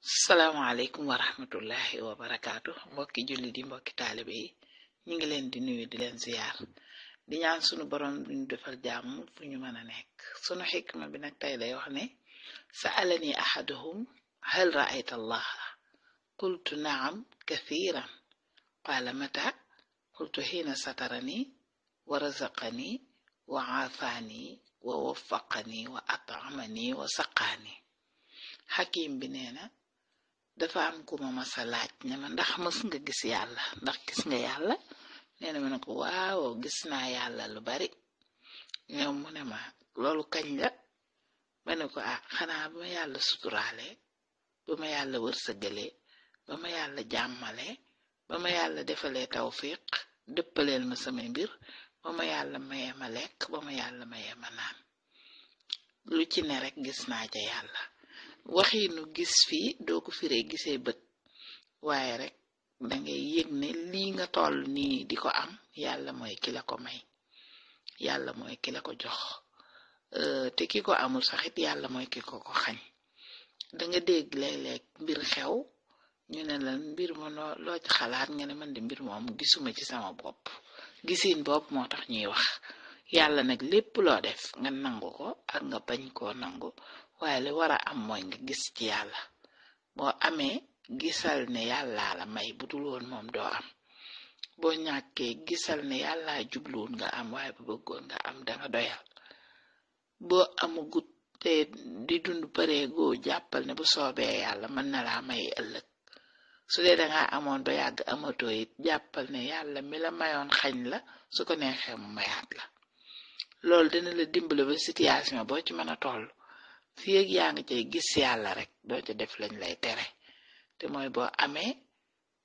salaamaaleykum wa rahmatullahi wa barakaatu mbokki julli di mbokki taalibe yi ñu ngi leen di nuyu di leen ziyaar di ñaan sunu borom duñu defal jàmm fu ñu mën a nekk sunu xikma bi nag tey day wax ne sa alani ahaduhum hal raayta allah qultu naam kathiran qaala mata qultu xiina satarani wa razaqani wa aafaani wa waffaqani wa atamani wa saqaani xakim bi neena dafa am ku ma masa laaj ne ma ndax mës nga gis yàlla ndax gis nga yàlla nee na ma ne ko waaw gis naa yàlla lu bari ñoom mu ne ma loolu kañ la ma ne ko ah xanaa ba ma yàlla suturaale ba ma yàlla wërsëgale ba ma yàlla jàmmale ba ma yàlla defalee tawfiq dëppaleel ma samay mbir ba ma yàlla mayee ma lekk ba ma yàlla mayee ma naan lu ci ne rek gis naa ca yàlla waxiinu gis fii doo ko firee gisee bët waaye rek dangay yëg ne lii nga toll nii di ko am yàlla mooy ki la ko may yàlla mooy ki la ko jox euh, te ki ko amul saxit yàlla mooy ki ko ko xañ danga dégg léeg-léeg mbir xew ñu ne lan mbir ma loo xalaat nga ne mën di mbir moom gisuma ci sama bopp gisiin bopp moo tax ñuy wax yàlla nag lépp loo def nga nangu ko ak nga bañ koo nangu waaye li war a am mooy nga gis ci yàlla boo amee gisal ne yàllaa la may bu woon moom doo am boo ñàkkee gisal ne yàllaa jubluwul nga am waaye bu bëggoon nga am danga doyal boo amagut te di dund paree goo jàppal ne bu soobee yàlla mën na la may ëllëg su dee danga amoon ba yàgg amatoo it jàppal ne yàlla mi la mayoon xañ la su ko neexee mu mayaat la loolu dina la dimbale ba situation boo ci mën a toll fi ak yaa ngi cay gis yàlla rek doo ci def lañ lay tere te mooy boo amee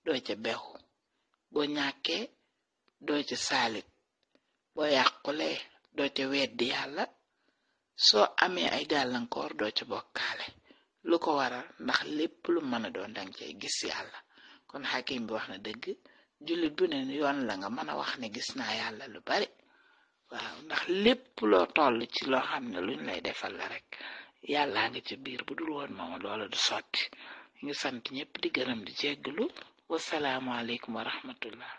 doo ca bexu boo ñàkkee doo ci saalit boo yàqulee doo ca weddi yàlla soo amee ay gàllankoor doo ci bokkaale lu ko waral ndax lépp lu mën a doon dang cay gis yàlla kon xakim bi wax na dëgg jullit bu ne yoon la nga mën a wax ne gis naa yàlla lu bari waaw ndax lépp loo toll ci loo xam ne luñ lay defal la rek yàllaa ngi ci biir bu dul woon moomu loola du sotti ngi sant ñëpp di gërëm di jégglu wasalaamualeykum wa rahmatullah